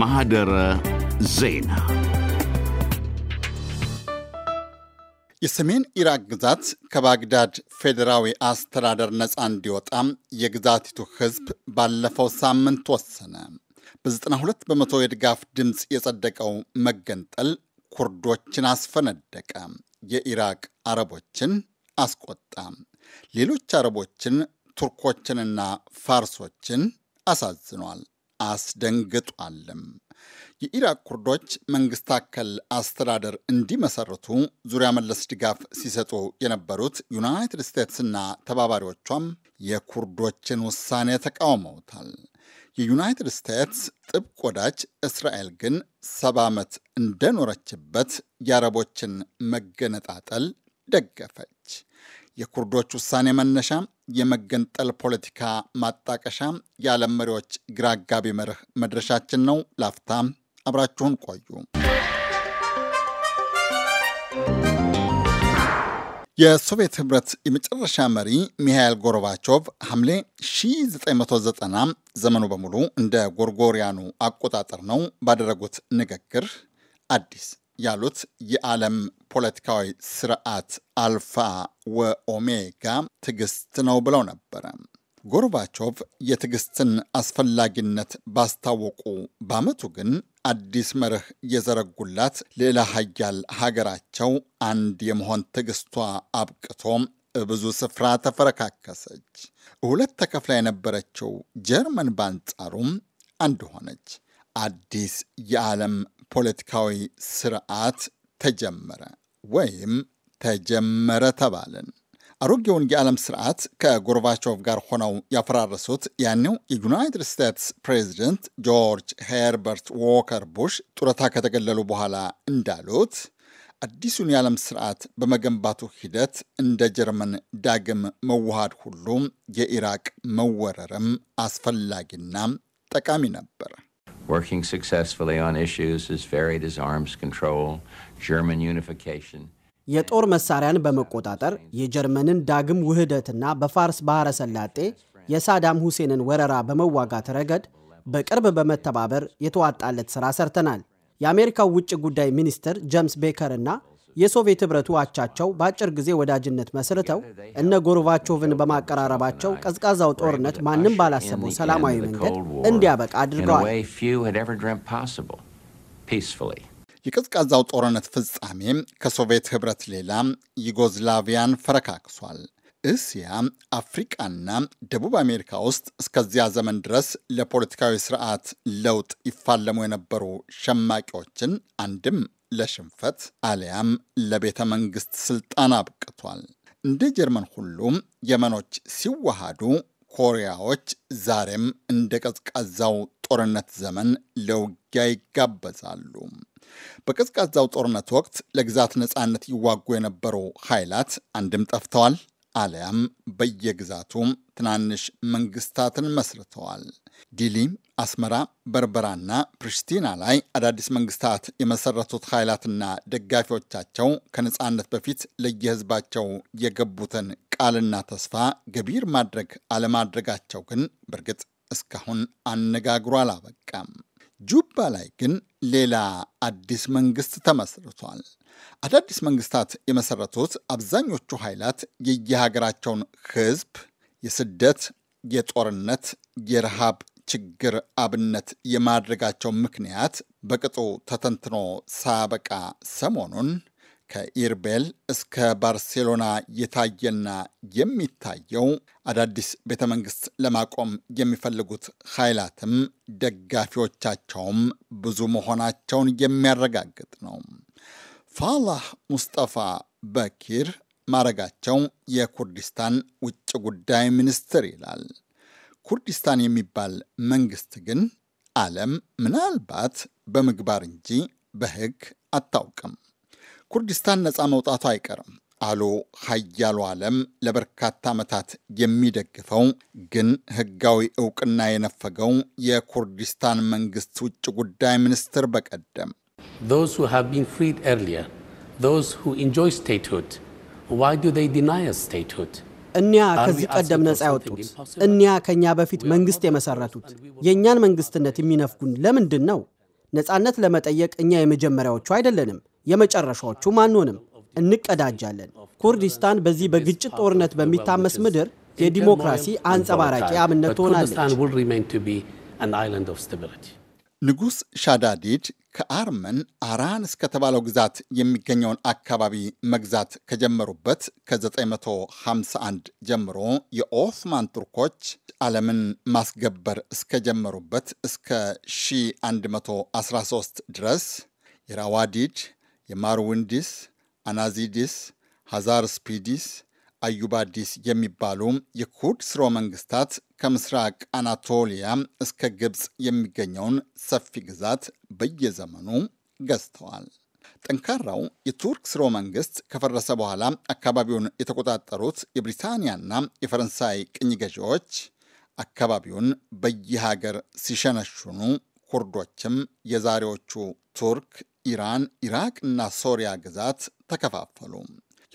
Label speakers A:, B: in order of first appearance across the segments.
A: ማህደረ ዜና የሰሜን ኢራቅ ግዛት ከባግዳድ ፌዴራዊ አስተዳደር ነፃ እንዲወጣም የግዛቲቱ ሕዝብ ባለፈው ሳምንት ወሰነ። በ92 በመቶ የድጋፍ ድምፅ የጸደቀው መገንጠል ኩርዶችን አስፈነደቀ፣ የኢራቅ አረቦችን አስቆጣ፣ ሌሎች አረቦችን ቱርኮችንና ፋርሶችን አሳዝኗል፣ አስደንግጧልም። የኢራቅ ኩርዶች መንግስት አከል አስተዳደር እንዲመሰርቱ ዙሪያ መለስ ድጋፍ ሲሰጡ የነበሩት ዩናይትድ ስቴትስና ተባባሪዎቿም የኩርዶችን ውሳኔ ተቃውመውታል። የዩናይትድ ስቴትስ ጥብቅ ወዳጅ እስራኤል ግን ሰባ ዓመት እንደኖረችበት የአረቦችን መገነጣጠል ደገፈች። የኩርዶች ውሳኔ መነሻ የመገንጠል ፖለቲካ ማጣቀሻ፣ የዓለም መሪዎች ግራ አጋቢ መርህ መድረሻችን ነው። ላፍታም አብራችሁን ቆዩ። የሶቪየት ህብረት የመጨረሻ መሪ ሚሃኤል ጎርባቾቭ ሐምሌ 1990 ዘመኑ በሙሉ እንደ ጎርጎሪያኑ አቆጣጠር ነው ባደረጉት ንግግር አዲስ ያሉት የዓለም ፖለቲካዊ ስርዓት አልፋ ወኦሜጋ ትዕግስት ነው ብለው ነበረ። ጎርባቾቭ የትዕግስትን አስፈላጊነት ባስታወቁ በዓመቱ ግን አዲስ መርህ የዘረጉላት ልዕለ ሀያል ሀገራቸው አንድ የመሆን ትዕግስቷ አብቅቶ ብዙ ስፍራ ተፈረካከሰች። ሁለት ተከፍላ የነበረችው ጀርመን በአንጻሩም አንድ ሆነች። አዲስ የዓለም ፖለቲካዊ ስርዓት ተጀመረ ወይም ተጀመረ ተባልን። አሮጌውን የዓለም ስርዓት ከጎርባቾቭ ጋር ሆነው ያፈራረሱት ያኔው የዩናይትድ ስቴትስ ፕሬዚደንት ጆርጅ ሄርበርት ዎከር ቡሽ ጡረታ ከተገለሉ በኋላ እንዳሉት አዲሱን የዓለም ስርዓት በመገንባቱ ሂደት እንደ ጀርመን ዳግም መዋሃድ ሁሉ የኢራቅ መወረርም አስፈላጊና ጠቃሚ ነበር። working successfully on issues as varied as arms control, German unification. የጦር መሳሪያን በመቆጣጠር የጀርመንን ዳግም ውህደትና በፋርስ ባህረ ሰላጤ የሳዳም ሁሴንን ወረራ በመዋጋት ረገድ በቅርብ በመተባበር የተዋጣለት ሥራ ሰርተናል። የአሜሪካው ውጭ ጉዳይ ሚኒስትር ጀምስ ቤከር እና የሶቪየት ኅብረቱ አቻቸው በአጭር ጊዜ ወዳጅነት መስርተው እነ ጎርባቾቭን በማቀራረባቸው ቀዝቃዛው ጦርነት ማንም ባላሰበው ሰላማዊ መንገድ እንዲያበቃ አድርገዋል። የቀዝቃዛው ጦርነት ፍጻሜ ከሶቪየት ኅብረት ሌላ ዩጎዝላቪያን ፈረካክሷል። እስያ፣ አፍሪቃና ደቡብ አሜሪካ ውስጥ እስከዚያ ዘመን ድረስ ለፖለቲካዊ ስርዓት ለውጥ ይፋለሙ የነበሩ ሸማቂዎችን አንድም ለሽንፈት አሊያም ለቤተ መንግስት ስልጣን አብቅቷል። እንደ ጀርመን ሁሉም የመኖች ሲዋሃዱ ኮሪያዎች ዛሬም እንደ ቀዝቃዛው ጦርነት ዘመን ለውጊያ ይጋበዛሉ። በቀዝቃዛው ጦርነት ወቅት ለግዛት ነፃነት ይዋጉ የነበሩ ኃይላት አንድም ጠፍተዋል፣ አሊያም በየግዛቱ ትናንሽ መንግስታትን መስርተዋል። ዲሊ፣ አስመራ፣ በርበራና ፕሪስቲና ላይ አዳዲስ መንግስታት የመሰረቱት ኃይላትና ደጋፊዎቻቸው ከነፃነት በፊት ለየህዝባቸው የገቡትን ቃልና ተስፋ ገቢር ማድረግ አለማድረጋቸው ግን በእርግጥ እስካሁን አነጋግሮ አላበቃም። ጁባ ላይ ግን ሌላ አዲስ መንግስት ተመስርቷል። አዳዲስ መንግስታት የመሰረቱት አብዛኞቹ ኃይላት የየሀገራቸውን ህዝብ የስደት፣ የጦርነት፣ የረሃብ ችግር አብነት የማድረጋቸው ምክንያት በቅጡ ተተንትኖ ሳበቃ ሰሞኑን ከኢርቤል እስከ ባርሴሎና የታየና የሚታየው አዳዲስ ቤተ መንግስት ለማቆም የሚፈልጉት ኃይላትም ደጋፊዎቻቸውም ብዙ መሆናቸውን የሚያረጋግጥ ነው። ፋላህ ሙስጠፋ በኪር ማረጋቸው የኩርዲስታን ውጭ ጉዳይ ሚኒስትር ይላል። ኩርዲስታን የሚባል መንግስት ግን ዓለም ምናልባት በምግባር እንጂ በሕግ አታውቅም። ኩርዲስታን ነፃ መውጣቱ አይቀርም አሉ ሀያሉ ዓለም ለበርካታ ዓመታት የሚደግፈው ግን ህጋዊ እውቅና የነፈገው የኩርዲስታን መንግስት ውጭ ጉዳይ ሚኒስትር በቀደም እኒያ ከዚህ ቀደም ነፃ ያወጡት እኒያ ከእኛ በፊት መንግስት የመሰረቱት የእኛን መንግስትነት የሚነፍጉን ለምንድን ነው? ነፃነት ለመጠየቅ እኛ የመጀመሪያዎቹ አይደለንም። የመጨረሻዎቹ ማንሆንም እንቀዳጃለን። ኩርዲስታን በዚህ በግጭት ጦርነት በሚታመስ ምድር የዲሞክራሲ አንጸባራቂ አብነት ትሆናለች። ንጉሥ ሻዳዲድ ከአርመን አራን እስከተባለው ግዛት የሚገኘውን አካባቢ መግዛት ከጀመሩበት ከ951 ጀምሮ የኦስማን ቱርኮች ዓለምን ማስገበር እስከጀመሩበት እስከ 1113 ድረስ የራዋዲድ የማርዊንዲስ፣ አናዚዲስ፣ ሀዛር ስፒዲስ፣ አዩባዲስ የሚባሉ የኩርድ ስሮ መንግስታት ከምስራቅ አናቶሊያ እስከ ግብፅ የሚገኘውን ሰፊ ግዛት በየዘመኑ ገዝተዋል። ጠንካራው የቱርክ ስሮ መንግስት ከፈረሰ በኋላ አካባቢውን የተቆጣጠሩት የብሪታንያና የፈረንሳይ ቅኝ ገዢዎች አካባቢውን በየሀገር ሲሸነሽኑ ኩርዶችም የዛሬዎቹ ቱርክ ኢራን፣ ኢራቅ እና ሶሪያ ግዛት ተከፋፈሉ።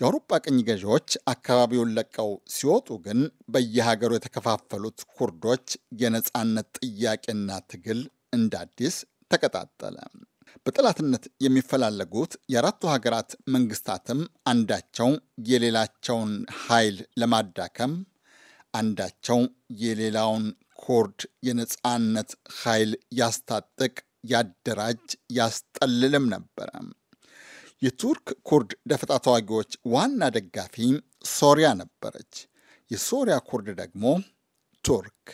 A: የአውሮፓ ቅኝ ገዢዎች አካባቢውን ለቀው ሲወጡ ግን በየሀገሩ የተከፋፈሉት ኩርዶች የነፃነት ጥያቄና ትግል እንደ አዲስ ተቀጣጠለ። በጠላትነት የሚፈላለጉት የአራቱ ሀገራት መንግስታትም አንዳቸው የሌላቸውን ኃይል ለማዳከም አንዳቸው የሌላውን ኩርድ የነፃነት ኃይል ያስታጥቅ ያደራጅ ያስጠልልም ነበረ። የቱርክ ኩርድ ደፈጣ ተዋጊዎች ዋና ደጋፊ ሶሪያ ነበረች፣ የሶሪያ ኩርድ ደግሞ ቱርክ።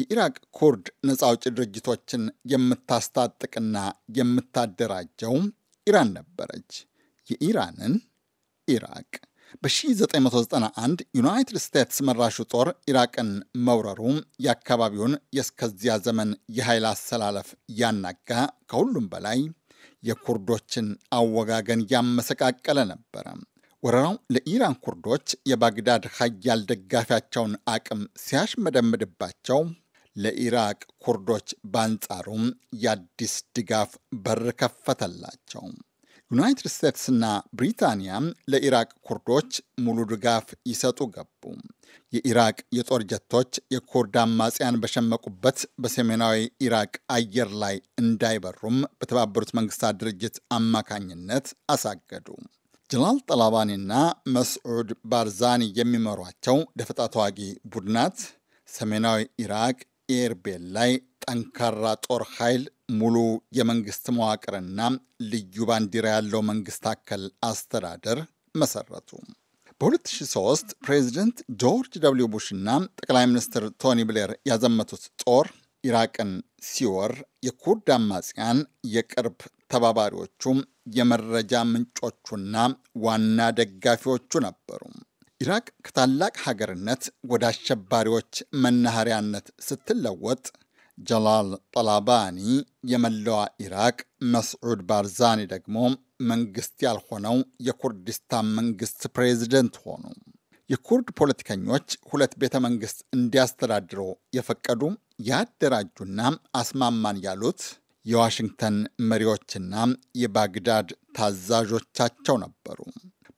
A: የኢራቅ ኩርድ ነፃ አውጪ ድርጅቶችን የምታስታጥቅና የምታደራጀው ኢራን ነበረች፣ የኢራንን ኢራቅ በ1991 ዩናይትድ ስቴትስ መራሹ ጦር ኢራቅን መውረሩ የአካባቢውን የእስከዚያ ዘመን የኃይል አሰላለፍ ያናጋ፣ ከሁሉም በላይ የኩርዶችን አወጋገን ያመሰቃቀለ ነበረ። ወረራው ለኢራን ኩርዶች የባግዳድ ሀያል ደጋፊያቸውን አቅም ሲያሽመደምድባቸው ለኢራቅ ኩርዶች በአንጻሩም የአዲስ ድጋፍ በር ከፈተላቸው። ዩናይትድ ስቴትስና ብሪታንያ ለኢራቅ ኩርዶች ሙሉ ድጋፍ ይሰጡ ገቡ። የኢራቅ የጦር ጀቶች የኩርድ አማጽያን በሸመቁበት በሰሜናዊ ኢራቅ አየር ላይ እንዳይበሩም በተባበሩት መንግስታት ድርጅት አማካኝነት አሳገዱ። ጀላል ጠላባኒና መስዑድ ባርዛኒ የሚመሯቸው ደፈጣ ተዋጊ ቡድናት ሰሜናዊ ኢራቅ ኤርቤል ላይ ጠንካራ ጦር ኃይል ሙሉ የመንግስት መዋቅርና ልዩ ባንዲራ ያለው መንግስት አከል አስተዳደር መሰረቱ። በ2003 ፕሬዚደንት ጆርጅ ደብልዩ ቡሽ እና ጠቅላይ ሚኒስትር ቶኒ ብሌር ያዘመቱት ጦር ኢራቅን ሲወር የኩርድ አማጽያን የቅርብ ተባባሪዎቹ የመረጃ ምንጮቹና ዋና ደጋፊዎቹ ነበሩ። ኢራቅ ከታላቅ ሀገርነት ወደ አሸባሪዎች መናኸሪያነት ስትለወጥ ጀላል ጠላባኒ የመላዋ ኢራቅ፣ መስዑድ ባርዛኒ ደግሞ መንግስት ያልሆነው የኩርዲስታን መንግስት ፕሬዚደንት ሆኑ። የኩርድ ፖለቲከኞች ሁለት ቤተ መንግስት እንዲያስተዳድሩ የፈቀዱ ያደራጁና አስማማን ያሉት የዋሽንግተን መሪዎችና የባግዳድ ታዛዦቻቸው ነበሩ።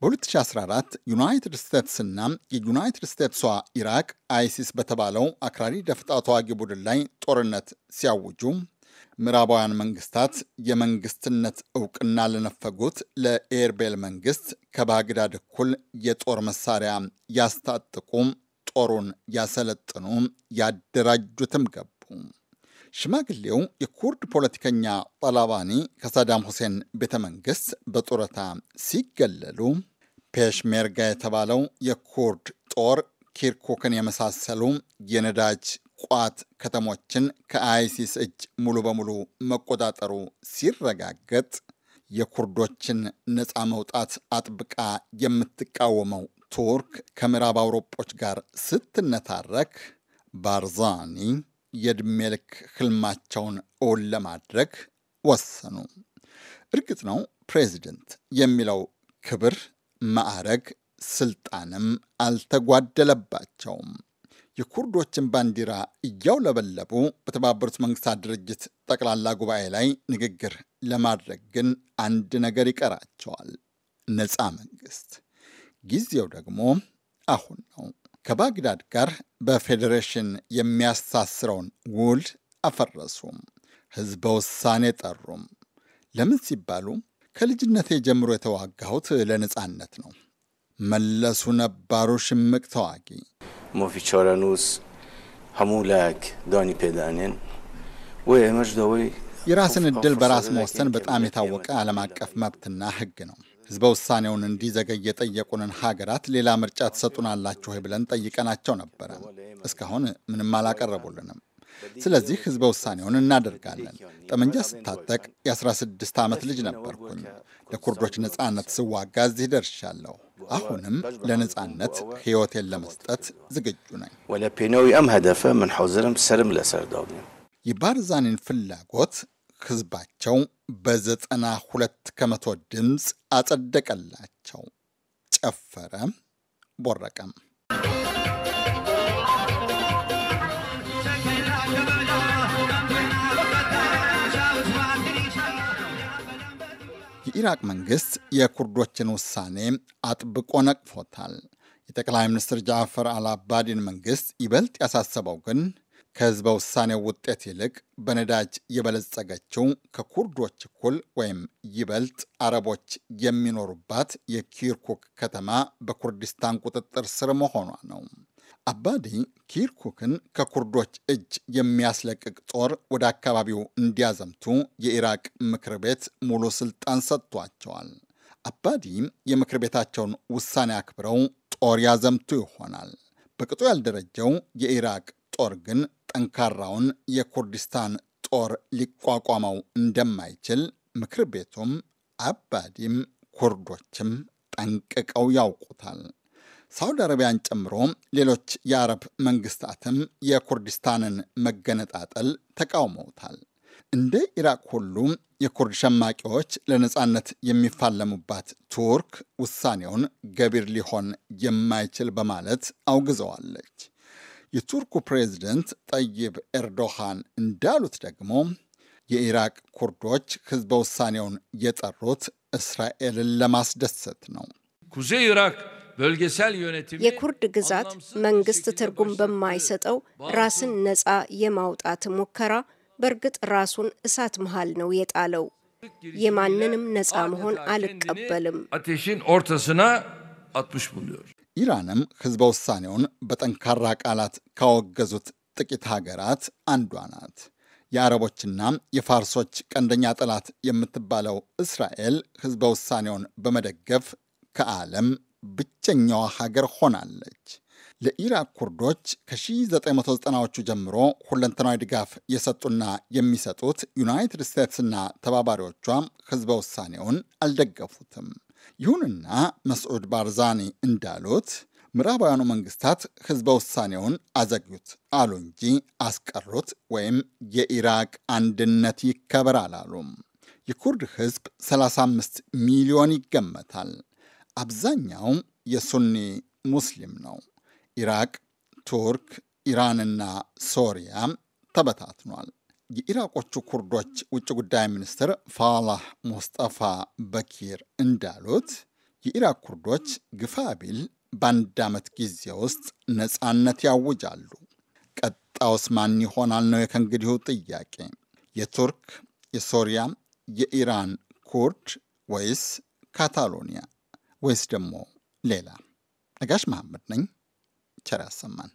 A: በ2014 ዩናይትድ ስቴትስና የዩናይትድ ስቴትሷ ኢራቅ አይሲስ በተባለው አክራሪ ደፍጣ ተዋጊ ቡድን ላይ ጦርነት ሲያውጁ ምዕራባውያን መንግስታት የመንግስትነት እውቅና ለነፈጉት ለኤርቤል መንግስት ከባግዳድ እኩል የጦር መሳሪያ ያስታጥቁ፣ ጦሩን ያሰለጥኑ፣ ያደራጁትም ገቡ። ሽማግሌው የኩርድ ፖለቲከኛ ጠላባኒ ከሳዳም ሁሴን ቤተ መንግስት በጡረታ ሲገለሉ ፔሽሜርጋ የተባለው የኩርድ ጦር ኪርኩክን የመሳሰሉ የነዳጅ ቋት ከተሞችን ከአይሲስ እጅ ሙሉ በሙሉ መቆጣጠሩ ሲረጋገጥ የኩርዶችን ነፃ መውጣት አጥብቃ የምትቃወመው ቱርክ ከምዕራብ አውሮጶች ጋር ስትነታረክ ባርዛኒ የእድሜ ልክ ህልማቸውን እውን ለማድረግ ወሰኑ። እርግጥ ነው ፕሬዚደንት የሚለው ክብር፣ ማዕረግ፣ ስልጣንም አልተጓደለባቸውም። የኩርዶችን ባንዲራ እያውለበለቡ በተባበሩት መንግስታት ድርጅት ጠቅላላ ጉባኤ ላይ ንግግር ለማድረግ ግን አንድ ነገር ይቀራቸዋል። ነፃ መንግስት። ጊዜው ደግሞ አሁን ነው። ከባግዳድ ጋር በፌዴሬሽን የሚያሳስረውን ውል አፈረሱም። ህዝበ ውሳኔ ጠሩም። ለምን ሲባሉ ከልጅነቴ ጀምሮ የተዋጋሁት ለነፃነት ነው። መለሱ ነባሩ ሽምቅ ተዋጊ ሞፊቾረኑስ ሀሙላክ ዳኒ ፔዳኔን ወይ የራስን እድል በራስ መወሰን በጣም የታወቀ ዓለም አቀፍ መብትና ህግ ነው። ህዝበ ውሳኔውን እንዲዘገይ የጠየቁንን ሀገራት ሌላ ምርጫ ትሰጡናላችሁ ወይ ብለን ጠይቀናቸው ነበረ። እስካሁን ምንም አላቀረቡልንም። ስለዚህ ህዝበ ውሳኔውን እናደርጋለን። ጠመንጃ ስታጠቅ የ16 ዓመት ልጅ ነበርኩኝ። ለኩርዶች ነፃነት ስዋጋ እዚህ ደርሻለሁ። አሁንም ለነፃነት ህይወቴን ለመስጠት ዝግጁ ነኝ። የባርዛኒን ፍላጎት ህዝባቸው በዘጠና ሁለት ከመቶ ድምፅ አጸደቀላቸው። ጨፈረ ቦረቀም። የኢራቅ መንግስት የኩርዶችን ውሳኔ አጥብቆ ነቅፎታል። የጠቅላይ ሚኒስትር ጃፈር አልአባዲን መንግስት ይበልጥ ያሳሰበው ግን ከህዝበ ውሳኔው ውጤት ይልቅ በነዳጅ የበለጸገችው ከኩርዶች እኩል ወይም ይበልጥ አረቦች የሚኖሩባት የኪርኩክ ከተማ በኩርዲስታን ቁጥጥር ስር መሆኗ ነው። አባዲ ኪርኩክን ከኩርዶች እጅ የሚያስለቅቅ ጦር ወደ አካባቢው እንዲያዘምቱ የኢራቅ ምክር ቤት ሙሉ ስልጣን ሰጥቷቸዋል። አባዲ የምክር ቤታቸውን ውሳኔ አክብረው ጦር ያዘምቱ ይሆናል። በቅጡ ያልደረጀው የኢራቅ ጦር ግን ጠንካራውን የኩርዲስታን ጦር ሊቋቋመው እንደማይችል ምክር ቤቱም አባዲም ኩርዶችም ጠንቅቀው ያውቁታል። ሳውዲ አረቢያን ጨምሮ ሌሎች የአረብ መንግስታትም የኩርዲስታንን መገነጣጠል ተቃውመውታል። እንደ ኢራቅ ሁሉ የኩርድ ሸማቂዎች ለነፃነት የሚፋለሙባት ቱርክ ውሳኔውን ገቢር ሊሆን የማይችል በማለት አውግዘዋለች። የቱርኩ ፕሬዝደንት ጠይብ ኤርዶሃን እንዳሉት ደግሞ የኢራቅ ኩርዶች ህዝበ ውሳኔውን የጠሩት እስራኤልን ለማስደሰት ነው። የኩርድ ግዛት መንግስት ትርጉም በማይሰጠው ራስን ነፃ የማውጣት ሙከራ በእርግጥ ራሱን እሳት መሃል ነው የጣለው። የማንንም ነፃ መሆን አልቀበልም። ኢራንም ህዝበ ውሳኔውን በጠንካራ ቃላት ካወገዙት ጥቂት ሀገራት አንዷ ናት። የአረቦችና የፋርሶች ቀንደኛ ጠላት የምትባለው እስራኤል ህዝበ ውሳኔውን በመደገፍ ከዓለም ብቸኛዋ ሀገር ሆናለች። ለኢራቅ ኩርዶች ከ1990ዎቹ ጀምሮ ሁለንተናዊ ድጋፍ የሰጡና የሚሰጡት ዩናይትድ ስቴትስና ተባባሪዎቿ ህዝበ ውሳኔውን አልደገፉትም። ይሁንና መስዑድ ባርዛኒ እንዳሉት ምዕራባውያኑ መንግስታት ህዝበ ውሳኔውን አዘግዩት አሉ እንጂ አስቀሩት ወይም የኢራቅ አንድነት ይከበራል አሉ። የኩርድ ህዝብ 35 ሚሊዮን ይገመታል። አብዛኛው የሱኒ ሙስሊም ነው። ኢራቅ፣ ቱርክ፣ ኢራንና ሶሪያ ተበታትኗል። የኢራቆቹ ኩርዶች ውጭ ጉዳይ ሚኒስትር ፋላህ ሙስጠፋ በኪር እንዳሉት የኢራቅ ኩርዶች ግፋ ቢል በአንድ ዓመት ጊዜ ውስጥ ነፃነት ያውጃሉ። ቀጣውስ ማን ይሆናል ነው የከእንግዲሁ ጥያቄ። የቱርክ፣ የሶሪያ፣ የኢራን ኩርድ ወይስ ካታሎኒያ ወይስ ደግሞ ሌላ? ነጋሽ መሐመድ ነኝ። ቸር ያሰማን።